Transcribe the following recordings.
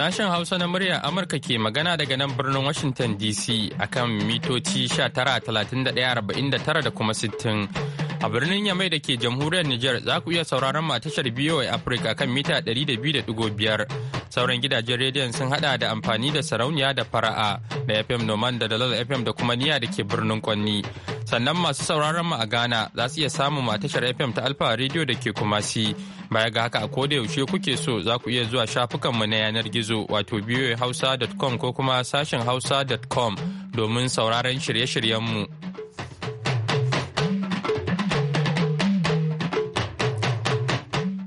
Sashen Hausa na murya Amurka ke magana daga nan birnin Washington DC akan mitoci 19, 31, 49 da kuma 60. A birnin Yamai da ke jamhuriyar Nijar za ku iya sauraron mu a tashar BOA Africa kan mita ɗari da da biyu biyar Sauran gidajen rediyon sun haɗa da amfani da sarauniya da fara'a da FM Noman da Dalal FM da kuma Niya da ke birnin Kwanni. Sannan masu sauraron mu a Ghana za su iya samun mu a tashar FM ta Alfa Radio da ke Kumasi. Baya ga haka a koda yaushe kuke so za ku iya zuwa shafukan mu na yanar gizo wato boahausa.com ko kuma sashen hausa.com domin sauraron shirye-shiryen mu.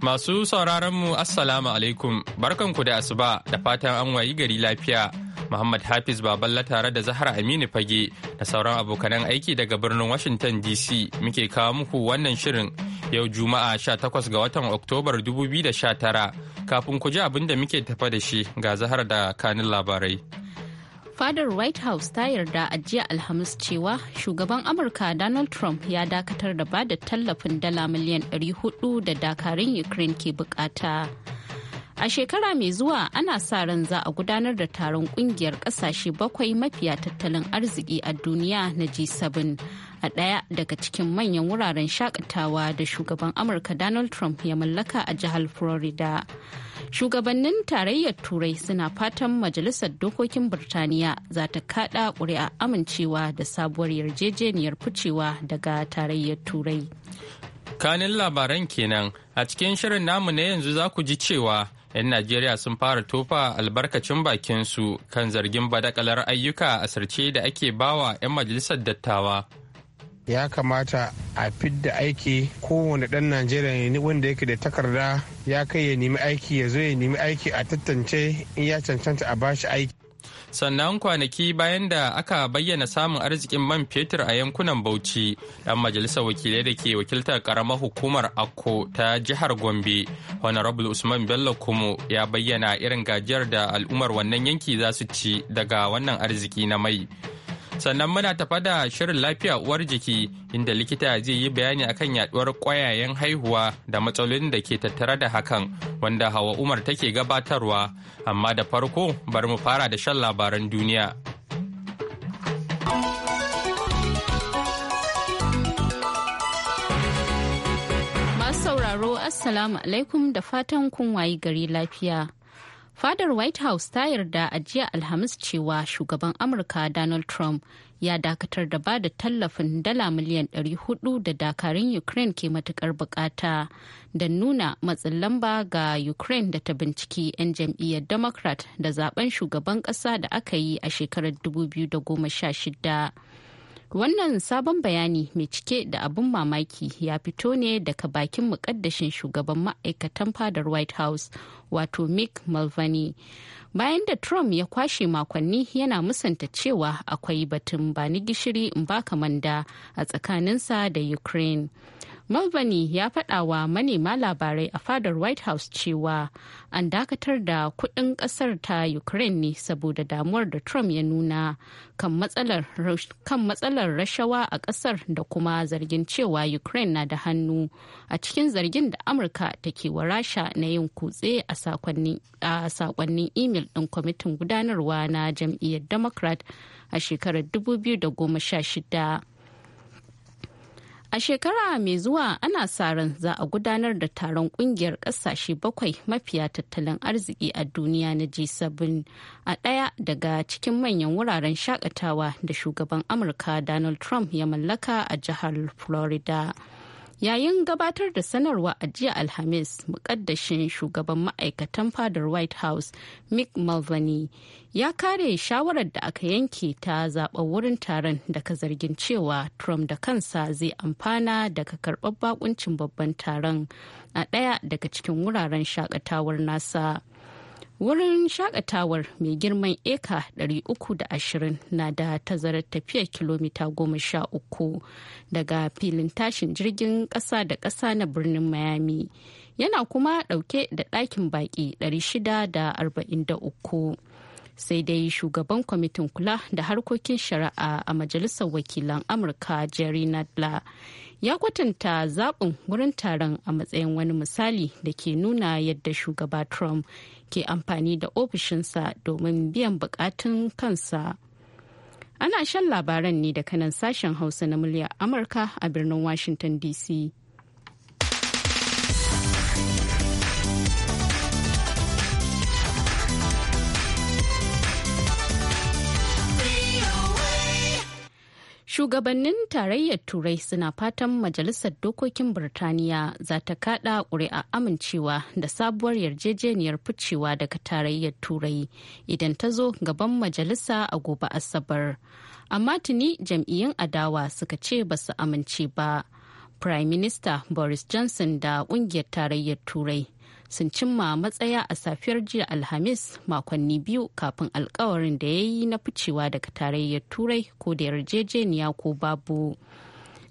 Masu sauraron mu Assalamu alaikum, barkanku da asuba da fatan an wayi gari lafiya. Muhammad Hafiz Baballa tare da Zahra Aminu Fage da sauran abokanan aiki daga birnin Washington DC muke kawo muku wannan shirin yau Juma'a 18 ga watan Oktobar 2019 kafin ku ji abin da muke tafa da shi ga Zahar da kanin labarai. fadar white house ta yarda a jiya alhamis cewa shugaban amurka donald trump ya dakatar da bada tallafin dala miliyan 400 da dakarun ukraine ke bukata. A shekara mai zuwa ana sa ran za a gudanar da taron kungiyar kasashe bakwai mafiya tattalin arziki a duniya na G7 a ɗaya daga cikin manyan wuraren shakatawa da shugaban Amurka Donald Trump ya mallaka a jihar Florida. Shugabannin tarayyar Turai suna fatan Majalisar Dokokin Birtaniya za ta kaɗa ƙuri'a amincewa da sabuwar yarjejeniyar ficewa daga tarayyar Turai. Kanin labaran kenan a cikin shirin namu na yanzu za ku ji cewa 'yan najeriya sun fara tofa albarkacin bakin su kan zargin badakalar ayyuka a sarce da ake bawa 'yan majalisar dattawa ya kamata a fidda aiki kowane ɗan najeriya wanda yake da takarda ya kai ya nemi aiki ya zo ya nemi aiki a tattance in ya cancanta a bashi aiki sannan kwanaki bayan da aka bayyana samun arzikin man fetur a yankunan bauchi dan majalisar wakilai da ke wakiltar karamar hukumar akko ta jihar gombe honorable usman bello kumo ya bayyana irin gajiyar da al'ummar wannan yanki za su ci daga wannan arziki na mai sannan muna tafa da shirin lafiya uwar jiki inda likita zai yi bayani akan yaduwar kwayayen haihuwa da matsalolin da ke tattare da hakan wanda hawa umar take gabatarwa amma da farko bari mu fara da shan labaran duniya masu sauraro assalamu alaikum da fatan kun wayi gari lafiya Fadar White House ta yarda a jiya Alhamis cewa shugaban Amurka Donald Trump ya dakatar da ba da tallafin dala miliyan 400 da dakarun Ukraine ke matukar bukata da nuna matsin lamba ga Ukraine da ta binciki 'yan jam'iyyar Democrat da zaben shugaban kasa da aka yi a shekarar 2016. Wannan sabon bayani mai cike da abin mamaki ya fito ne daga bakin mukaddashin shugaban ma'aikatan fadar White House wato Mick Mulvaney. Bayan da Trump ya kwashe makonni yana musanta cewa akwai batun bani gishiri in baka manda a tsakaninsa da Ukraine. Mulvaney ya faɗa wa manema labarai a fadar White House cewa an dakatar da kuɗin ƙasar ta Ukraine ne saboda damuwar da Trump ya nuna kan matsalar rashawa a ƙasar da kuma zargin cewa Ukraine na da hannu a cikin zargin da Amurka take wa Rasha na yin kutse a sakonnin imel ɗin kwamitin gudanarwa na jam'iyyar Democrat a shekarar 2016. A shekara mai zuwa ana sa ran za a gudanar da taron kungiyar ƙasashe bakwai mafiya tattalin arziki a duniya na G7 a ɗaya daga cikin manyan wuraren shakatawa da shugaban Amurka Donald Trump ya mallaka a jihar Florida. yayin gabatar da sanarwa a jiya alhamis mukaddashin shugaban ma'aikatan fadar white house mick mulvaney ya kare shawarar da aka yanke ta zaɓen wurin taron daga zargin cewa trump da kansa zai amfana daga karɓar bakuncin babban taron a ɗaya daga cikin wuraren shakatawar nasa wurin shakatawar mai girman eka 320 na da tazarar tafiyar kilomita 13 daga filin tashin jirgin ƙasa da ƙasa na birnin miami yana kuma ɗauke da ɗakin baƙi 643 sai dai shugaban kwamitin kula da harkokin shari'a a majalisar wakilan amurka jerry nadler ya kwatanta zaɓin wurin taron a matsayin wani misali da ke nuna yadda shugaba trump ke amfani da ofishinsa domin biyan bukatun kansa. Ana shan labaran ne da kanan sashen Hausa na murya Amurka a birnin Washington DC. Shugabannin tarayyar Turai suna fatan Majalisar Dokokin Birtaniya za ta kaɗa ƙuri'a amincewa da sabuwar yarjejeniyar ficewa daga tarayyar Turai idan ta zo gaban majalisa a gobe Asabar. Amma tuni jam'iyyun adawa suka ce ba su amince ba. Prime Minister Boris Johnson da ƙungiyar tarayyar Turai sun cimma matsaya a safiyar jiya alhamis makonni biyu kafin alkawarin da ya yi na ficewa daga tarayyar turai ko da yarjejeniya ko babu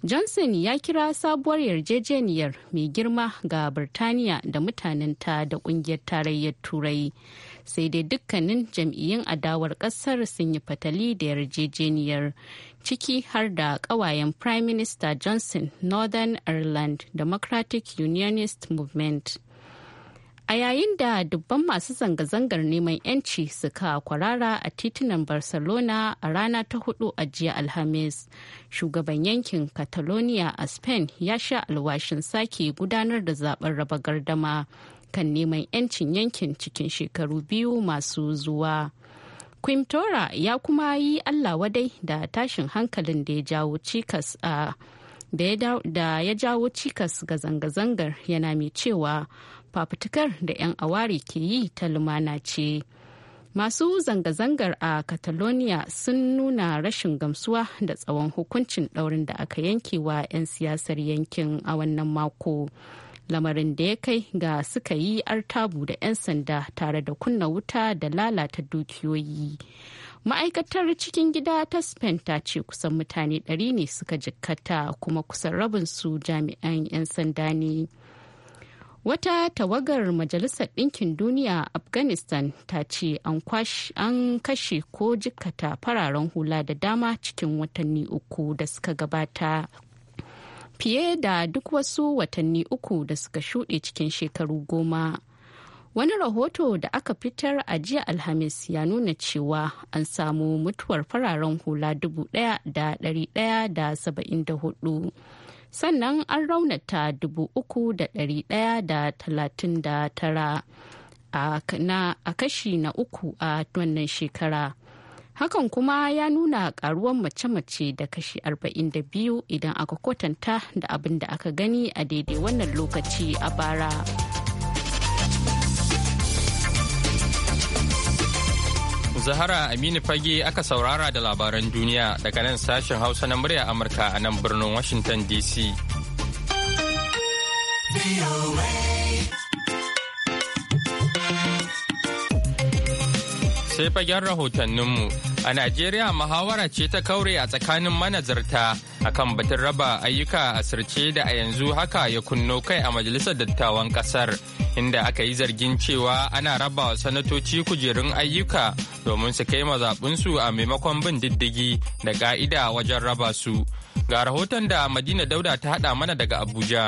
johnson ya kira sabuwar yarjejeniyar mai girma ga birtaniya da mutanen ta da kungiyar tarayyar turai sai dai dukkanin jam'iyyun adawar kasar sun yi fatali da yarjejeniyar ciki har da kawayen prime minister johnson northern ireland democratic unionist movement a yayin da dubban masu zanga-zangar neman 'yanci suka kwarara a titunan barcelona a rana ta hudu a jiya alhamis shugaban yankin catalonia a spain ya sha alwashin sake gudanar da zaben raba gardama kan neman 'yancin yankin cikin shekaru biyu masu zuwa Quintora ya kuma yi allah wadai da tashin hankalin da ya jawo cikas a da ya jawo cikas ga zanga-zangar yana mai cewa fafutukar da 'yan awari ke yi ta lumana ce masu zanga-zangar a catalonia sun nuna rashin gamsuwa da tsawon hukuncin daurin da aka yanke wa 'yan siyasar yankin a wannan mako lamarin da ya kai ga suka yi artabu da 'yan sanda tare da kunna wuta da lalata dukiyoyi ma'aikatar cikin gida ta spain ta ce kusan mutane 100 ne suka jikkata kuma kusan rabin su jami'an 'yan sanda ne wata tawagar majalisar ɗinkin duniya afghanistan ta ce an kashe ko jikata fararen hula da dama cikin watanni uku da suka gabata fiye da duk wasu watanni uku da suka shuɗe cikin shekaru goma wani rahoto da aka fitar a jiya alhamis ya nuna cewa an samu mutuwar fararen hula dubu ɗaya da ɗari ɗaya da saba'in da hudu sannan an raunata dubu uku da ɗari ɗaya da talatin da tara a kashi na uku a wannan shekara. hakan kuma ya nuna karuwan mace-mace da kashi 42 idan aka kwatanta da abin da aka gani a daidai wannan lokaci a bara. Zahara Aminu Fage aka saurara da labaran duniya daga nan sashen Hausa na murya Amurka a nan birnin Washington DC. sai fagen rahotanninmu. A Najeriya muhawara ce ta kaure a tsakanin manazarta kan batun raba ayyuka a sirce da a yanzu haka ya kunno kai a Majalisar Dattawan Kasar, inda aka yi zargin cewa ana raba wa sanatoci kujerun ayyuka domin su kai mazaɓinsu a maimakon bin diddigi da ka'ida wajen raba su. Ga rahoton da Madina Dauda ta haɗa mana daga Abuja.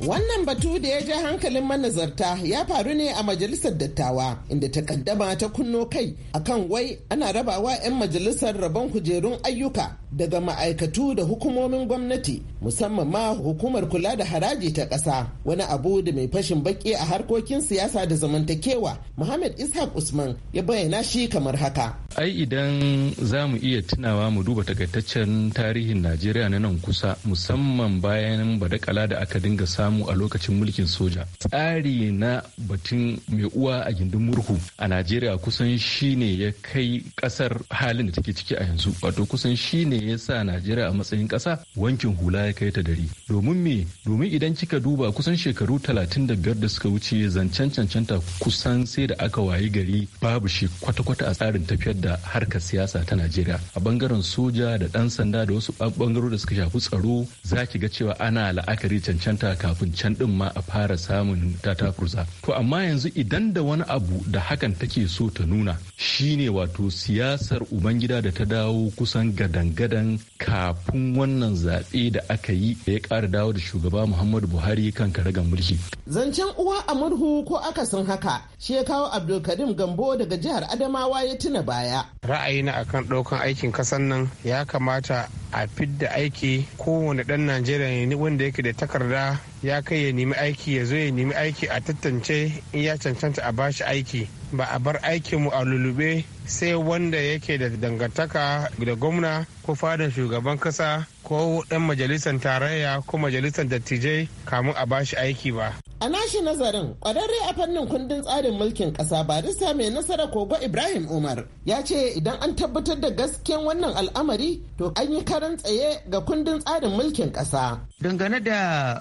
Wannan batu da ya ja hankalin manazarta ya faru ne a majalisar dattawa inda takaddama ta kunno kai akan wai ana rabawa 'yan majalisar rabon kujerun ayyuka daga ma'aikatu da hukumomin gwamnati musamman ma hukumar kula da haraji ta ƙasa wani abu da mai fashin baki a harkokin siyasa da zamantakewa Muhammad Ishaq Usman ya bayyana shi kamar haka. Ai idan za mu iya tunawa mu duba takaitaccen tarihin Najeriya na nan kusa musamman bayan badakala da aka dinga samu a lokacin mulkin soja. Tsari na batun mai uwa a gindin murhu a Najeriya kusan shine ya kai kasar halin da take ciki a yanzu wato kusan shine ya sa Najeriya a matsayin ƙasa wankin hula ya kai ta dari. Domin me? Domin idan kika duba kusan shekaru talatin da da suka wuce zancen cancanta kusan sai da aka wayi gari babu shi kwata-kwata a tsarin tafiyar da harkar siyasa ta Najeriya. A bangaren soja da ɗan sanda da wasu bangarori da suka shafi tsaro za ki ga cewa ana la'akari cancanta kafin can ɗin ma a fara samun ta takurza To amma yanzu idan da wani abu da hakan take so ta nuna shine wato siyasar Ubangida da ta dawo kusan gadangar gadan kafin wannan zaɓe da aka yi da ya ƙara dawo da shugaba Muhammadu Buhari kan ga mulki. Zancen uwa a murhu ko akasin haka shi ya kawo Abdulkarim Gambo daga jihar Adamawa ya tuna baya. Ra'ayina akan ɗaukan aikin kasan nan ya kamata a fidda aiki kowane ɗan Najeriya wanda yake da takarda ya kai ya nemi aiki ya zo ya nemi aiki a tattance in ya cancanta a bashi aiki ba a bar aikinmu a lulube sai wanda yake da dangantaka da gwamna ko fadar shugaban kasa ko ɗan majalisar tarayya ko majalisar dattijai kamun a bashi aiki ba. A nashi nazarin ƙwararre a fannin kundin tsarin mulkin ƙasa ba barista mai nasara kogo Ibrahim Umar ya ce idan an tabbatar da gasken wannan al'amari to an yi karan tsaye ga kundin tsarin mulkin ƙasa. Dangane da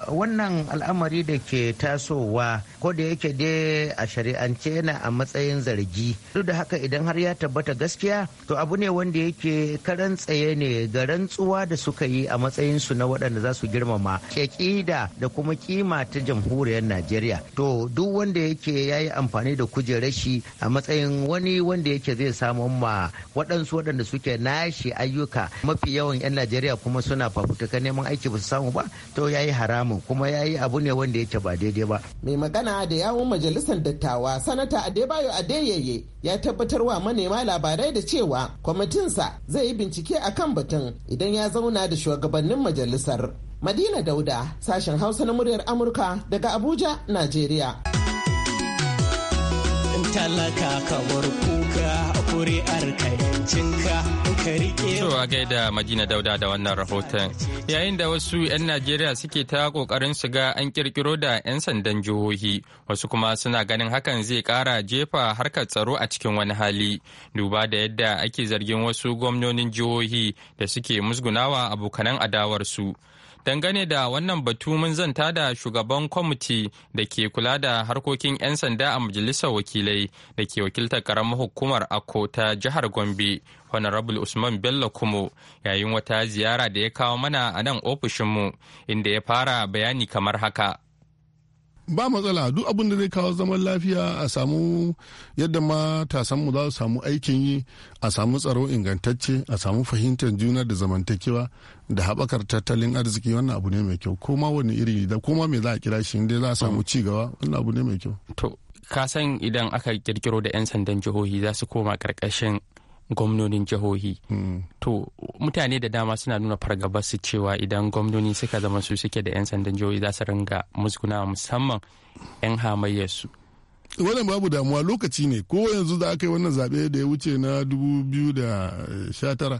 wannan al'amari da ke tasowa ko da yake dai a shari'ance yana a matsayin zargi duk da haka idan har ya tabbata gaskiya to abu ne wanda yake karan tsaye ne ga rantsuwa da suka yi yi a su na waɗanda za su girmama ƙida da kuma kima ta jamhuriyar najeriya to duk wanda yake ya yi amfani da kujerar shi a matsayin wani wanda yake zai samun ma waɗansu waɗanda suke nashi ayyuka mafi yawan 'yan najeriya kuma suna fafutuka neman aiki ba su samu ba to ya yi haramun kuma ya yi abu ne wanda yake ba daidai ba mai magana da yawun majalisar dattawa sanata adebayo adeyeye ya tabbatar wa manema labarai da cewa kwamitinsa zai yi bincike akan batun idan ya zauna da shugabannin majalisar. Madina Dauda, sashen Hausa na muryar Amurka daga Abuja, Najeriya. Talaka bar kuka, kuri'ar ka a gaida Madina Dauda da wannan rahoton. Yayin da wasu 'yan Najeriya suke ta kokarin su an kirkiro da 'yan sandan jihohi, wasu kuma suna ganin hakan zai kara jefa harkar tsaro a cikin wani hali. Duba da yadda ake zargin wasu gwamnonin jihohi da suke musgunawa abokanan adawarsu. dangane da wannan batu mun zanta da shugaban kwamiti da ke kula da harkokin 'yan sanda a majalisar wakilai da ke wakiltar karamar hukumar ako ta jihar gombe honorable usman bello kumo yayin wata ziyara da ya kawo mana a nan ofishinmu inda ya fara bayani kamar haka ba matsala duk abin da zai kawo zaman lafiya a samu yadda matasanmu za su samu aikin yi a samu tsaro ingantacce a samu fahimtar juna da zamantakewa da haɓakar tattalin arziki wannan abu ne mai kyau ma wani iri da ma me za a kira shi inda za a samu ci gaba wannan abu ne mai kyau to ka san idan aka kirkiro da 'yan sandan jihohi za su koma karkashin gwamnonin jihohi. Mm. To mutane da dama suna nuna fargaba su cewa idan gwamnoni suka zama su suke da 'yan sandan jihohi za su ringa musguna musamman 'yan hamayyarsu. wannan babu damuwa lokaci ne ko yanzu da aka yi wannan zaɓe da ya wuce na 2019 eh,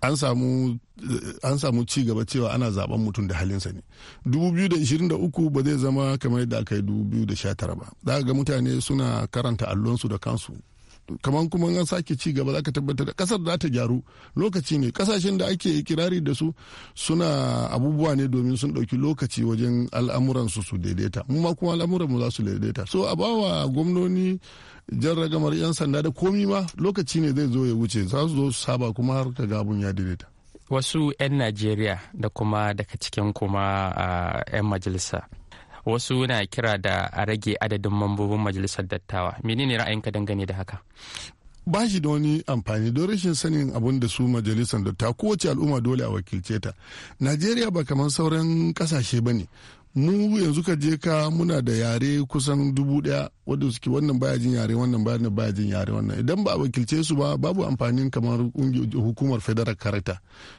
an samu eh, an samu ci gaba cewa ana zaben mutum da halinsa ne 2023 ba zai zama kamar yadda aka yi 2019 ba za ga mutane suna karanta allonsu da kansu kamar kuma an sake ci gaba zaka tabbatar da kasar za ta gyaru lokaci ne kasashen da ake kirari da su suna abubuwa ne domin sun dauki lokaci wajen al'amuransu su daidaita mu ma kuma al'amuran mu za su daidaita so a bawa gwamnoni jan ragamar 'yan sanda da komi ma lokaci ne zai zo ya wuce za su zo su saba kuma har ka gabun ya daidaita wasu 'yan najeriya da kuma daga cikin kuma ah, 'yan majalisa wasu na kira da a rage adadin mambobin majalisar dattawa menene ra'ayinka dangane da haka ba shi da wani amfani don rashin sanin abin da su majalisar dattawa kowace al'umma dole a wakilce ta najeriya ba kamar sauran kasashe ba ne mu yanzu ka je ka muna da yare kusan dubu daya wadda suke wannan baya jin yare wannan baya jin yare wannan idan ba a wakilce su ba babu amfanin kamar hukumar federal karata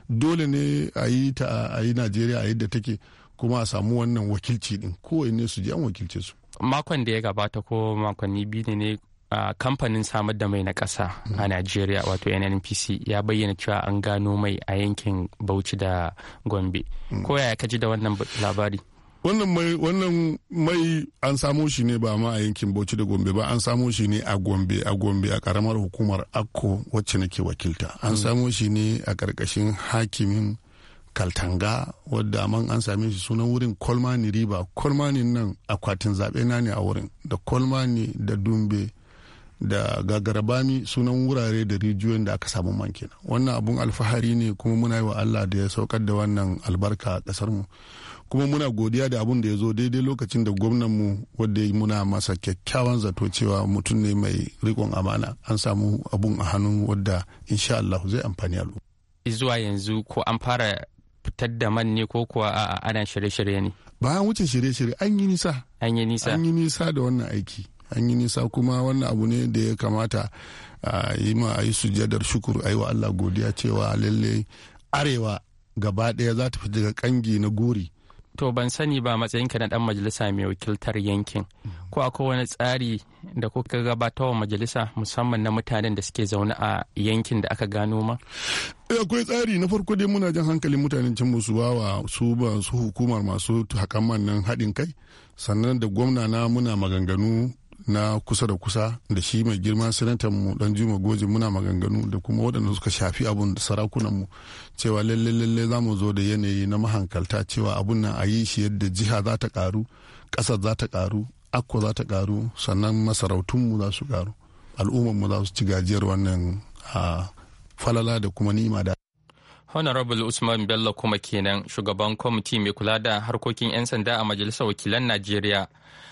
dole ne a yi ta a yi najeriya a yadda take kuma a samu wannan wakilci din kowanne su je an wakilce su makon da ya gabata ko makonni biyu ne kamfanin samar da mai na ƙasa hmm. a Najeriya wato NNPC ya bayyana cewa an gano mai a yankin Bauchi da Gombe. Hmm. Ko yaya ka da wannan labari? Wannan mai wannan mai an samo shi ne ba ma a yankin Bauchi da Gombe ba an samo shi ne a Gombe a Gombe a karamar hukumar Akko wacce nake wakilta. An hmm. samo shi ne a karkashin hakimin kaltanga wadda man an same shi sunan wurin kolmani riba kolmani nan akwatin zaɓe na ne a wurin da kolmani da dumbe da gagarabami sunan wurare da rijiyoyin da aka samu man wannan abun alfahari ne kuma muna yi wa allah da ya saukar da wannan albarka a ƙasar mu kuma muna godiya da abun da ya zo daidai lokacin da gwamnanmu wadda ya muna masa kyakkyawan zato cewa mutum ne mai rikon amana an samu abun a hannun wadda insha allah zai amfani al'umma zuwa yanzu ko an fara fitar da man ne ko kuwa a ana shirye-shirye ne bayan wuce shirye-shirye an yi nisa an yi nisa an yi nisa da wannan aiki an yi nisa kuma wannan abu ne da ya kamata a yi ma a yi sujadar shukuru a yi wa Allah godiya cewa lallai arewa gaba ɗaya za ta fi daga kangi na gori to ban sani ba matsayinka na dan majalisa mai wakiltar yankin ko akwai wani tsari da kuka gabatar wa majalisa musamman na mutanen da suke zaune a yankin da aka gano ma eh, akwai tsari na farko dai muna jan hankalin mutanen can su ba wa su ba su hukumar masu hakan nan haɗin kai sannan da gwamna na muna maganganu na kusa da kusa da shi mai girman sanatan mu dan juma goje muna maganganu da kuma waɗanda suka shafi abun sarakunan mu cewa lalle lalle za mu zo da yanayi na mahankalta cewa abun nan a yi shi yadda jiha za ta karu ƙasar za ta karu akko za ta karu sannan masarautun mu za su karu mu za su ci gajiyar wannan ah, falala da kuma ni'ima da Honorable Usman Bello kuma kenan shugaban kwamiti mai kula da harkokin 'yan sanda a Majalisar Wakilan Najeriya.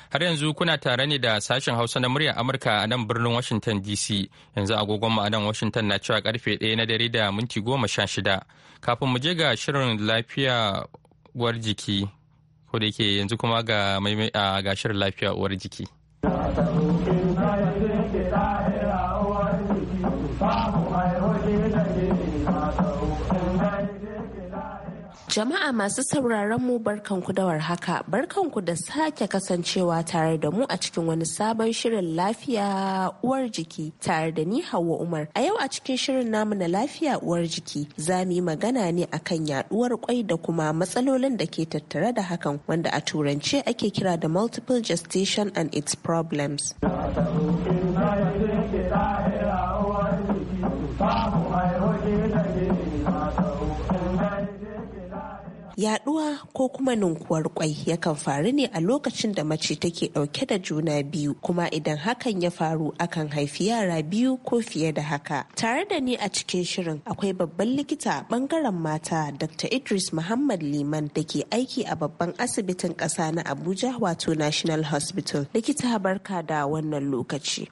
Har yanzu kuna tare ne da sashen Hausa na muryar Amurka a nan birnin Washington DC. Yanzu agogon mu a nan Washington na cewa karfe 1 na dare da minti goma sha shida. Kafin mu je ga shirin lafiya uwar jiki, ko da yake yanzu kuma ga ga shirin lafiya uwar jiki. Jama'a masu sauraron mu barkanku da warhaka, barkanku da sake kasancewa tare da mu a cikin wani sabon shirin lafiya uwar jiki tare da ni Hauwa Umar. A yau a cikin shirin namu na lafiya uwar jiki za mu yi magana ne akan yaduwar kwai da kuma matsalolin da ke tattare da hakan wanda a turance ake kira da multiple gestation and its problems. Yaduwa ko kuma ninkuwar kwai yakan faru ne a lokacin da mace take dauke da juna biyu kuma idan hakan ya faru akan haifi yara biyu ko fiye da haka. Tare da ni a cikin shirin akwai babban likita bangaren mata Dr. Idris Muhammad Liman da ke aiki a babban asibitin ƙasa na Abuja wato National Hospital. Likita barka da wannan lokaci.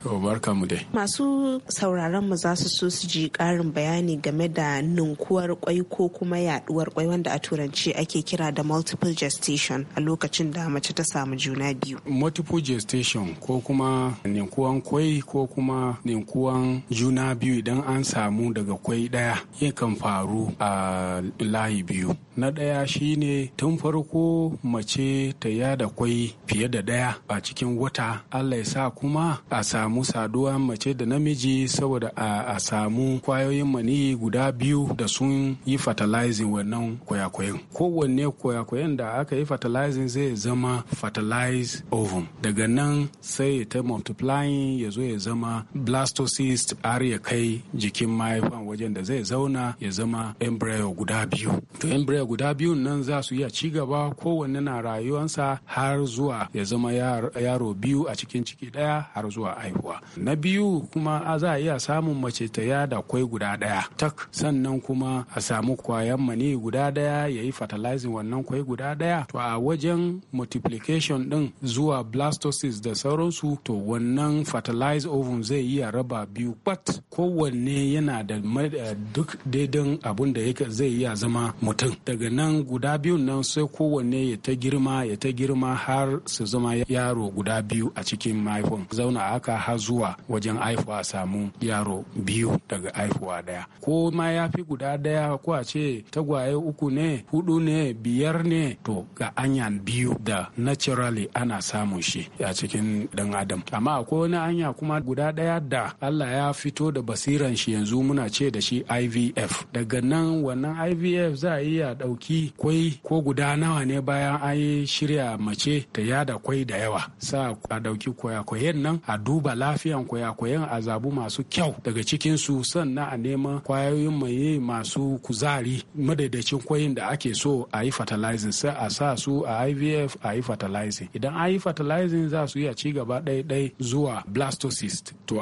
Masu sauraron mu za su so su ji ƙarin bayani game da ninkuwar kwai ko kuma yaduwar kwai wanda a turanci ce ake kira da multiple gestation a lokacin da mace ta samu juna biyu. Multiple gestation ko kuma ninkuwan kwai ko kuma ninkuwan juna biyu idan an samu daga kwai ɗaya yakan faru a layi biyu. Na ɗaya shine tun farko mace ta yada kwai fiye da ɗaya a cikin wata Allah ya sa kuma a samu saduwa mace da namiji saboda a samu kwayoyin mani guda biyu da sun yi fertilizing wannan kwayakwayin. kowanne koya-koyan da aka yi fertilizing zai zama fertilize ovum daga nan sai ya ta multiplying ya zo ya zama blastocyst har ya kai jikin mahaifan wajen da zai zauna ya zama embryo guda biyu to embryo guda biyu nan za su iya ci gaba kowanne na rayuwansa har zuwa ya zama yaro biyu a cikin ciki daya har zuwa aihuwa. na biyu kuma a za a iya samun mace ta yada kwai guda daya tak sannan kuma a samu kwayan mani guda daya ya yi fertilizing wannan kwai guda daya to a wajen multiplication din zuwa blastosis da sauransu to wannan fertilized oven zai iya raba biyu but kowanne yana da eh, duk daidan abun da zai iya zama mutum daga nan guda biyun nan sai kowanne ya ta girma ya ta girma har su zama yaro guda biyu a cikin mahaifin zauna haka har zuwa wajen haihuwa a samu yaro biyu daga haihuwa daya ko ma ya fi guda daya ko a ce tagwaye uku ne hudu ne biyar ne to ga anyan biyu da naturally ana samun shi a cikin dan adam amma akwai wani hanya kuma guda daya da Allah ya fito da basiran shi yanzu muna ce da shi IVF daga nan wannan IVF za a iya dauki kwai ko guda nawa ne bayan an yi shirya mace ta ya da kwai da yawa sa a dauki kwayakwayen nan a duba lafiyan kwayakwayen a zabu masu kyau daga cikin su sannan a neman kwayoyin maye masu kuzari madaidaicin kwayin da ake so so a yi fertilizing sai a sa su a ivf a yi fertilizing idan a yi fertilizing za su iya ci gaba ɗai zuwa blastocyst to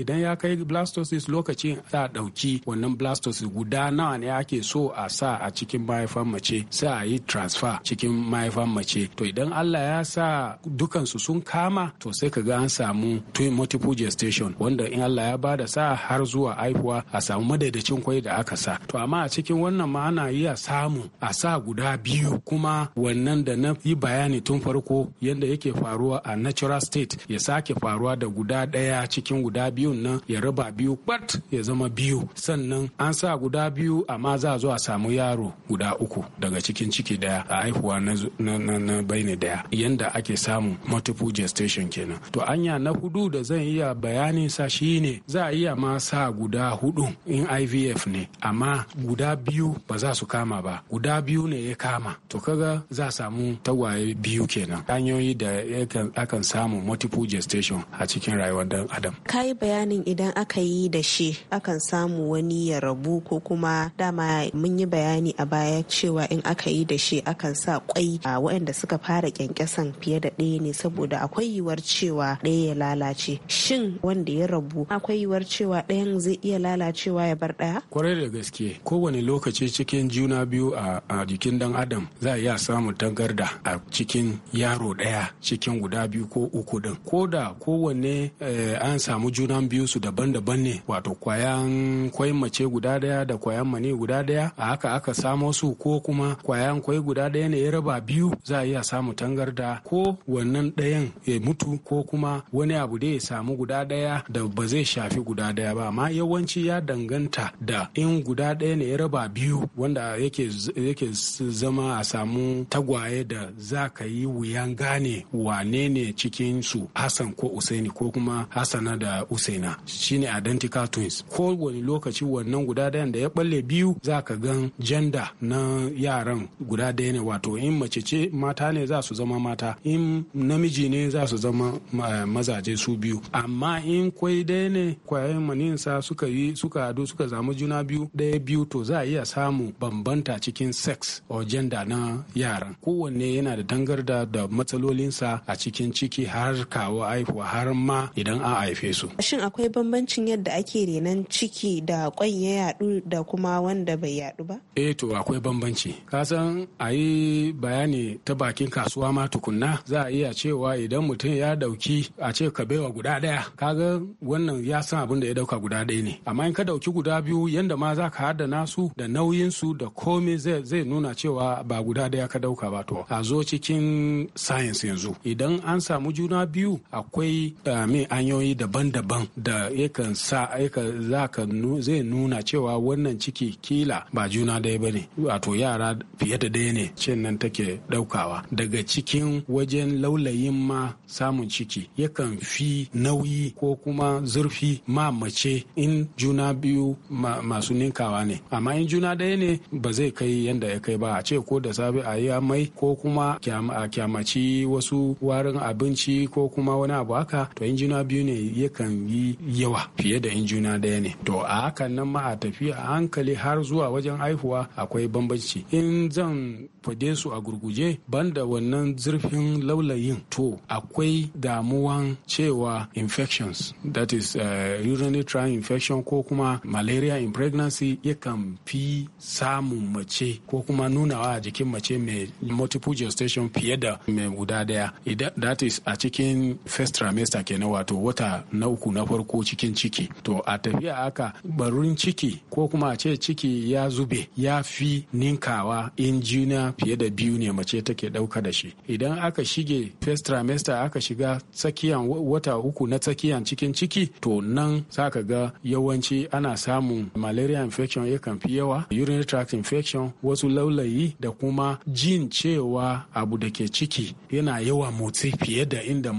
idan ya kai blastocyst lokacin za a ɗauki wannan blastocyst guda nawa ne ake so a sa a cikin mahaifan mace sai a yi transfer cikin mahaifan mace to idan allah ya sa dukansu sun kama to sai ka ga an samu multiple gestation wanda in allah ya bada sa har zuwa haihuwa a samu madaidacin kwai da aka sa to amma a cikin wannan ma ana iya samu a a sa guda biyu kuma wannan da na yi bayani tun farko yadda yake faruwa a natural state ya sake faruwa da guda ɗaya cikin guda biyun nan ya raba biyu bat ya zama biyu sannan an sa guda biyu amma za a zo a samu yaro guda uku daga cikin ciki daya a haihuwa na baini daya yanda ake samu multiple gestation kenan to anya na hudu da zan iya bayanin sa shi ne za a iya ma sa guda hudu in ivf ne amma guda biyu ba za su kama ba guda biyu ne ya kama to kaga za a samu tagwaye biyu kenan hanyoyi da akan samu multiple gestation a cikin rayuwar dan adam Ka yi bayanin idan aka yi da shi akan samu wani ya rabu ko kuma dama mun yi bayani a baya cewa in aka yi da shi akan sa kwai a waɗanda suka fara kyankyasan fiye da ɗaya ne saboda akwai yiwuwar cewa ɗaya ya lalace shin wanda ya rabu akwai yiwuwar cewa ɗayan zai iya lalacewa ya bar ɗaya kwarai da gaske kowane lokaci cikin juna biyu a a jikin dan adam za a iya samun tangarda a cikin yaro ɗaya cikin guda biyu ko uku din ko da kowanne eh, an samu junan biyu su daban-daban ne wato kwayan kwai mace guda ɗaya da kwayan mani guda ɗaya a haka aka samo su ko kuma kwayan kwai guda ɗaya ne ya raba biyu za a iya samun tangarda ko wannan ɗayan ya mutu ko kuma wani abu da ya samu guda ɗaya da ba zai shafi guda ɗaya ba amma yawanci ya danganta da in guda ɗaya ne ya raba biyu wanda yake yake zama a samu tagwaye da za ka yi wuyan gane wane ne cikin su Hassan ko Usaini ko kuma Hassana da Usaina shine identical twins ko wani lokaci wannan guda dayan da ya balle biyu za ka gan janda na yaran guda daya ne wato in mace ce mata ne za su zama mata in namiji ne za su zama mazaje su biyu amma in kwai dai ne kwayoyin maninsa suka yi suka hadu suka zamu juna biyu daya biyu to za a iya samu bambanta cikin sex or gender na yaran kowanne yana da dangar da matsalolinsa a cikin ciki har kawo haihuwa har ma idan an haife su shin akwai bambancin yadda ake renan ciki da kwan ya yadu da kuma wanda bai yadu ba eh to akwai bambanci Ka san ayi bayani ta bakin kasuwa ma tukunna za a iya cewa idan mutum ya dauki a ce ka baiwa guda daya kaga wannan ya san abin da ya dauka guda daya ne amma in ka dauki guda biyu yanda ma za ka haddana su da nauyin su da komai zai zai nuna cewa ba guda daya ka dauka ba to a zo cikin science yanzu idan an samu juna biyu akwai eh, me hanyoyi daban-daban da yakan sa za ka zai nuna cewa wannan ciki kila ba juna daya ba ne wato yara fiye da daya ne cin nan take ɗaukawa daga cikin wajen laulayin ma samun ciki yakan fi nauyi ko kuma zurfi ma mace in juna biyu masu ninkawa ne amma in juna daya ne ba zai kai yadda da ya kai ba a ce ko da safe a yi amai ko kuma a kyamaci wasu warin abinci ko kuma wani abu haka to juna biyu ne yakan yi yawa fiye da juna ɗaya ne to a hakan nan ma a tafi a hankali har zuwa wajen haihuwa akwai bambanci in zan fade su a gurguje banda wannan zurfin laulayin to akwai damuwan cewa infections that is uh, urinary tract infection ko kuma malaria in pregnancy yakan fi samun mace ko kuma nunawa a jikin mace mai multiple gestation fiye da mai guda daya that is a cikin first trimester kenan wato wata na uku na farko cikin ciki to a tafiya haka barin ciki ko kuma a ce ciki ya zube ya fi ninkawa in juna fiye da biyu ne mace take dauka da shi idan aka shige first trimester aka shiga tsakiyan wata uku na tsakiyan cikin ciki to nan za ka ga yawanci ana samun malaria infection yakan fi yawa urinary tract infection wasu su laulayi da kuma jin cewa abu da ke ciki yana yawa motsi fiye da inda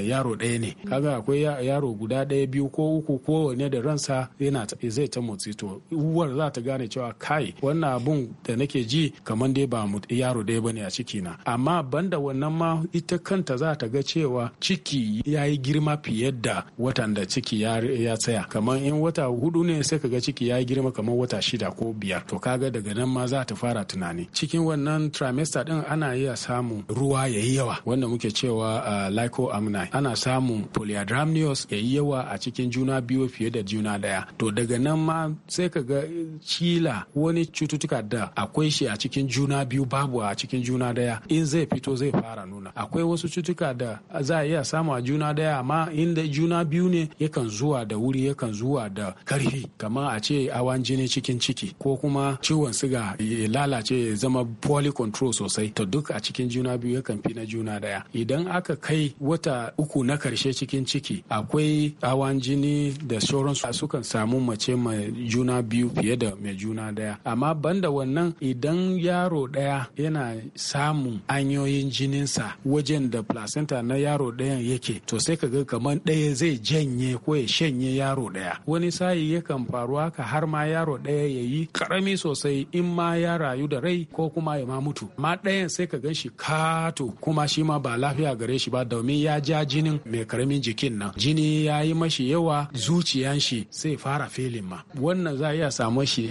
yaro ɗaya ne kaga akwai yaro guda ɗaya biyu ko uku ko wane da ransa yana zai ta motsi to uwar za ta gane cewa kai wannan abun da nake ji kamar dai ba yaro ɗaya bane a ciki na amma banda wannan ma ita kanta za ta ga cewa ciki ya yi girma fiye da watan da ciki ya tsaya kamar in wata hudu ne sai ka ga ciki ya yi girma kamar wata shida ko biyar to kaga daga nan ma za ta fara tunani cikin wannan trimester din ana iya samun ruwa ya yi yawa wanda muke cewa uh, ah, lycoamni ana samun polyadramnios ya yi yawa a cikin juna biyu fiye da juna daya to daga nan ma sai ka ga kila wani cututtuka da akwai shi a cikin juna biyu babu a cikin juna daya in zai fito zai fara nuna akwai wasu cututtuka da za a iya samu a juna daya amma inda juna biyu ne yakan zuwa da wuri yakan zuwa da karfi kamar a ce awan jini cikin ciki ko kuma ciwon siga ya lalace ya zama poorly control sosai to duk a cikin juna biyu yakan fi na juna daya idan aka kai wata uku na karshe cikin ciki akwai hawan jini da sauransu sukan samu mace mai juna biyu fiye da mai juna daya amma banda wannan idan yaro daya yana samun hanyoyin jininsa wajen da placenta na yaro dayan yake to sai ka ga kamar daya zai janye ko ya shanye yaro daya wani sayi yakan faru haka har ma yaro daya ya yi karami sosai in ma ya rayu da rai ko kuma ya ma mutu ma ɗayan sai ka gan shi kato kuma shi ma ba lafiya gare shi ba domin ya ja jinin mai karamin jikin nan jini ya yi mashi yawa zuciyan shi sai fara filin ma wannan za a iya samu shi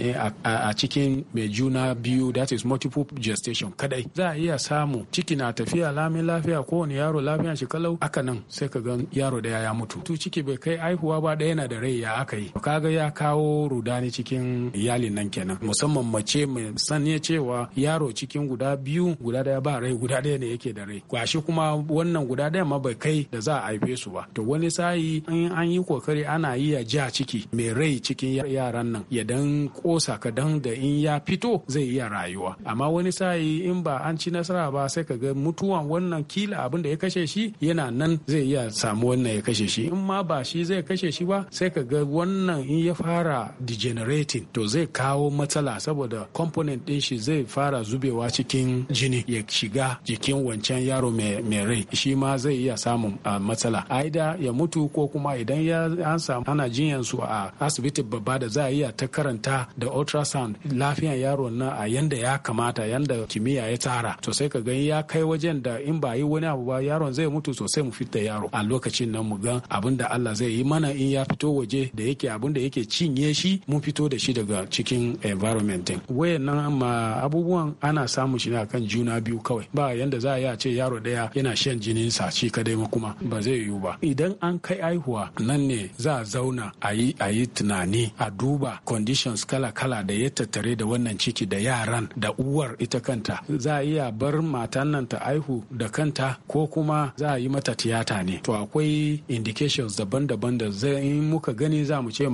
a cikin mai juna biyu that is multiple gestation kadai za a iya samu ciki na tafiya lamin lafiya kowane yaro lafiya shi kalau aka nan sai ka gan yaro da ya mutu tu ciki bai kai aihuwa ba ɗaya na da rai ya aka yi kaga ya kawo rudani cikin iyalin nan kenan musamman mace mai saniya cewa yaro cikin guda biyu guda daya ba rai guda daya ne yake da rai kwashi kuma wannan guda daya ma bai kai da za a haife su ba to wani sayi in an yi kokari ana yi ya ja ciki mai rai cikin yaran nan ya dan kosa kadan da in ya fito zai iya rayuwa amma wani sayi in ba an ci nasara ba sai ka ga mutuwan wannan kila abin da ya kashe shi yana nan zai iya samu wannan ya kashe shi in ma ba shi zai kashe shi ba sai ka ga wannan in ya fara degenerating to zai kawo matsala saboda component din shi zai fara zubewa cikin jini ya shiga jikin wancan yaro mai rai shi ma zai iya samun matsala aida ya mutu ko kuma idan ya an samu ana jinyan su a asibiti babba da za a iya ta karanta da ultrasound lafiyan yaro na a yanda ya kamata yanda kimiyya ya tara. to sai ka gani ya kai wajen da in ba yi wani abu ba yaron zai mutu sosai mu fita yaro a lokacin nan mu ga abin da Allah zai yi mana in ya fito waje da yake abin da yake cinye shi mun fito da shi daga cikin environment din wayannan abubuwan ana samun shi ne akan juna biyu kawai ba yanda za a yi a ce yaro ɗaya yana shan jinin sa shi kadai kuma ba zai yiwu ba idan an kai aihuwa nan ne za a zauna a yi a yi tunani a duba conditions kala kala da ya tattare da wannan ciki da yaran da uwar ita kanta za a iya bar matan nan ta aihu da kanta ko kuma za a yi mata tiyata ne to akwai indications daban-daban da in muka gani za mu ce eh,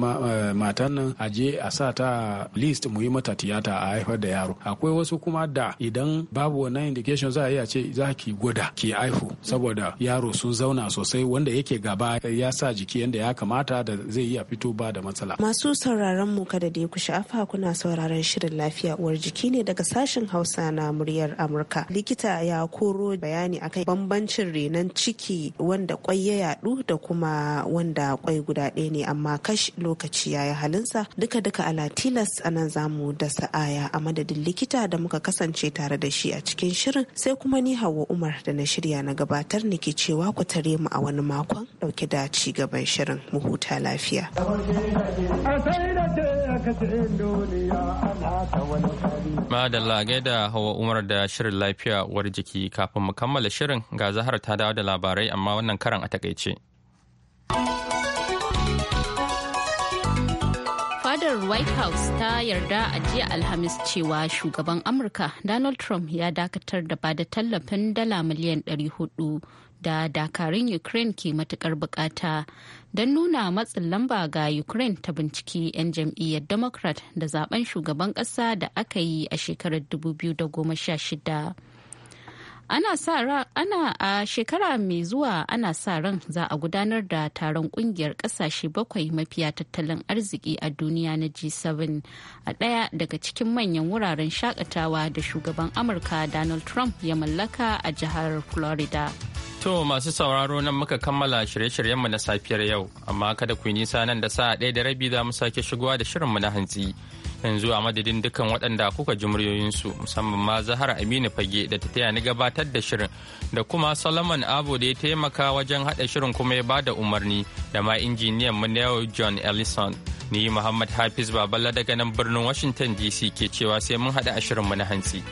matan nan a je a sa ta list mu yi mata tiyata a haifar da yaro akwai wasu kuma da idan babu wannan indication za a iya ce za ki gwada ki haihu saboda yaro sun zauna sosai wanda yake gaba ya sa jiki yadda ya kamata da zai iya fito ba da matsala masu sauraron mu kada da ku sha'afa kuna sauraron shirin lafiya uwar jiki ne daga sashen hausa na muryar amurka likita ya koro bayani akan bambancin renon ciki wanda kwai ya yadu da kuma wanda kwai guda ɗaya ne amma kash lokaci ya yi halinsa duka-duka ala tilas a zamu da sa'aya a madadin likita da muka kasance tare da shi a cikin shirin sai kuma ni Hauwa Umar da na shirya na gabatar ke cewa ku tare mu a wani makon dauke da ci gaban shirin mu huta lafiya. Madalla gaida Hawa Umar da shirin lafiya uwar jiki kafin mu kammala shirin ga Zahar ta dawo da labarai amma wannan karan a takaice. fadar white house ta yarda a jiya alhamis cewa shugaban amurka donald trump ya dakatar da bada tallafin dala miliyan 400 da dakarun ukraine ke matukar bukata don nuna matsin lamba ga ukraine ta binciki 'yan jam'iyyar democrat da zaben shugaban kasa da aka yi a shekarar 2016 ana sa ran ana a shekara mai zuwa ana sa ran za a gudanar da taron kungiyar kasashe bakwai mafiya tattalin arziki a duniya na G7 a ɗaya daga cikin manyan wuraren shakatawa da shugaban Amurka Donald Trump ya mallaka a jihar Florida. To masu sauraro nan muka kammala shirye-shiryenmu na safiyar yau, amma kada ku yi nisa nan da sa'a ɗaya da rabi za mu sake shigowa da shirinmu na hantsi. yanzu a madadin dukkan waɗanda kuka ji muryoyinsu musamman ma zahara aminu fage da ta taya ni gabatar da shirin da kuma solomon abu da ya taimaka wajen haɗa shirin kuma ya bada umarni da ma injiniyan mu john ellison ni muhammad hafiz baballa daga nan birnin washington dc ke cewa sai mun haɗa a shirin mu na hantsi.